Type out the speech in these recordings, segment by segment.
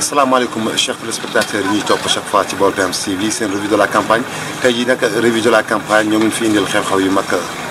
asalaamaaleykum chers téléspectateurs yi ñuy topp chaque fois ci Baol Times TV seen revue de la campagne tey jii nag revue de la campagne ñoo ngi fi indil xew-xew yu mag.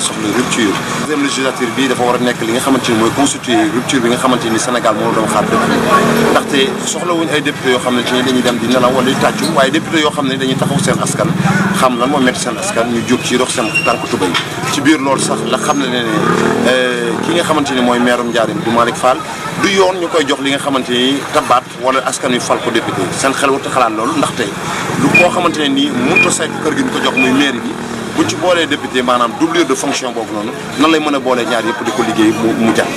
dafa soxla rupture deuxième législature bi dafa war a nekk li nga xamante ni mooy constituer rupture bi nga xamante ni Sénégal moom doon xaar dëkk ndaxte soxlawuñ ay député yoo xam ne ci dañuy dem di nelaw wala di tàccu waaye député yoo xam ne dañuy taxaw seen askan xam lan moo métti seen askan ñu jóg ci dox seen tànk tubay ci biir loolu sax la xam ne ne euh, ki nga xamante ni mooy meerum Njaaréem du Malick Fall du yoon ñu koy jox li nga xamante ni tabaat wala askan wi fal ko député seen xel warta xalaat loolu ndaxte lu moo xamante ne nii mënut a saytu ko jox muy mairie buñ ci boolee député maanaam doublure de fonction boobu noonu nan lay mën a boolee ñaar yëpp di ko liggéey mu mu jàpp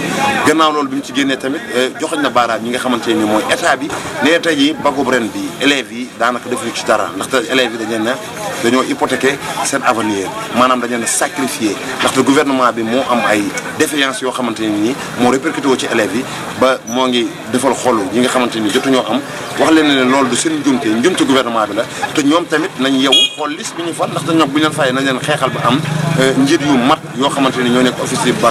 gannaaw loolu bi mu ci génnee tamit euh, joxoñ na baaraam ñi nga xamante ni mooy état bi nee tey jii bagub ren bi élèves ne ne sacrifié ndaxte moo am ay défaillance yoo xamante ne nii moo répercuté woo ci élèves yi ba moo ngi defal xolu ñi nga xamante ni jotuñoo am wax la te ñoom tamit nañ yow xool liste bi ñu fal ndaxte ñoom bu ñu fayee leen xeexal ba am euh, njiit yu mat yoo xamante ñoo nekk office yi ba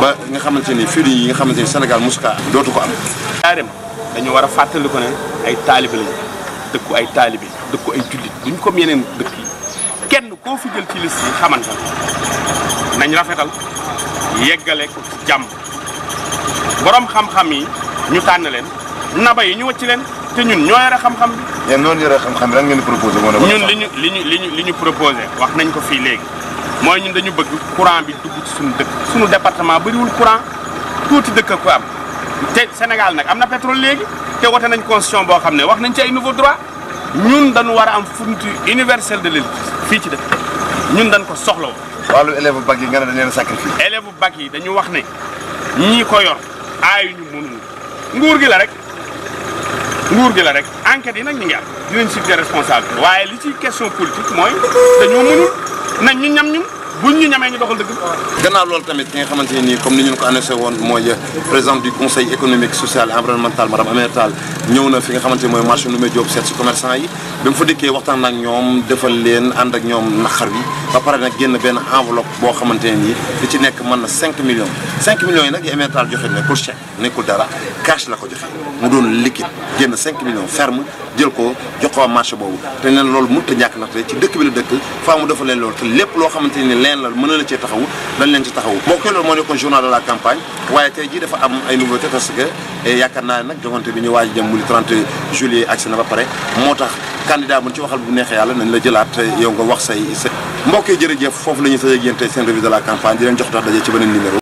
ba nga xamante ni fii yi nga xamante ni Sénégal muska dootu ko am. Njaareem dañu war a fàttali ko ne ay taalibe lañu dëkku ay taalibe dëkku ay jullit duñ comme yeneen dëkk yi kenn koo fi jël ci liste yi xamante nañ rafetal yeggale ko ci jàmm borom xam-xam yi ñu tànn leen naba yi ñu wëcc leen te ñun ñoo yore xam-xam yéen noonu xam-xam lan ngeen di proposé. ñun li ñu li ñu li ñu li ñu proposé wax nañ ko fii léegi mooy ñun dañu bëgg courant bi dugg ci suñu dëkk. suñu département bëriwul courant tuuti dëkk ko am te Sénégal nag am na pétrole léegi te wote nañ constitution boo xam ne wax nañ ci ay nouveau droit ñun dañu war a am fourniture universelle de l'électricité fii ci dëkk ñun dañ ko soxlaw woon. wàllu élèves bu bac yi nga ne dañ leen sacrifice. élèves bu bac yi dañu wax ne ñii ko yor aayuñu mënuñu nguur gila rek nguur gi rek enquêtes yi nag ñu ngi am dinañ cité responsable waaye li ci question politique mooy dañoo mënul nañ ñu ñam ñum buñ ñu ñu doxal dëgg bi. gannaaw loolu tamit ki nga xamante ne nii comme ni ñu ko annoncé woon mooy président du conseil économique social et environnemental madame Ameth Tall ñëw na fi nga xamante ne mooy marché Ndoumbé Diop seet si commerçant yi bi mu fa dikkee waxtaan ak ñoom defal leen ànd ak ñoom naqar bi ba pare nag génn benn enveloppe boo xamante ne nii li ci nekk mën na cinq millions 5 millions yi nag yi Ameth Tall joxe nekkul chèque nekkul dara cash la ko mu doon liquide génn 5 millions ferme. jël ko jox ko marché boobu te ne loolu mënut a ñàkk ndaxte ci dëkk bi la dëkk faa mu dafa leen loolu te lépp loo xamante ni leen la mën a la cee taxawu dañ leen ci taxawu mbokk yi loolu moo nekkoon journal de la campagne waaye tey jii dafa am ay eh, ñu waaj mu di 30 juillet moo tax candidat bu ci waxal bu neexee yàlla nañ la jëlaat eh, yow nga wax say mbokk yi jërëjëf foofu la ñuy sëy seen revue de la campagne jox tax daje ci beneen numéro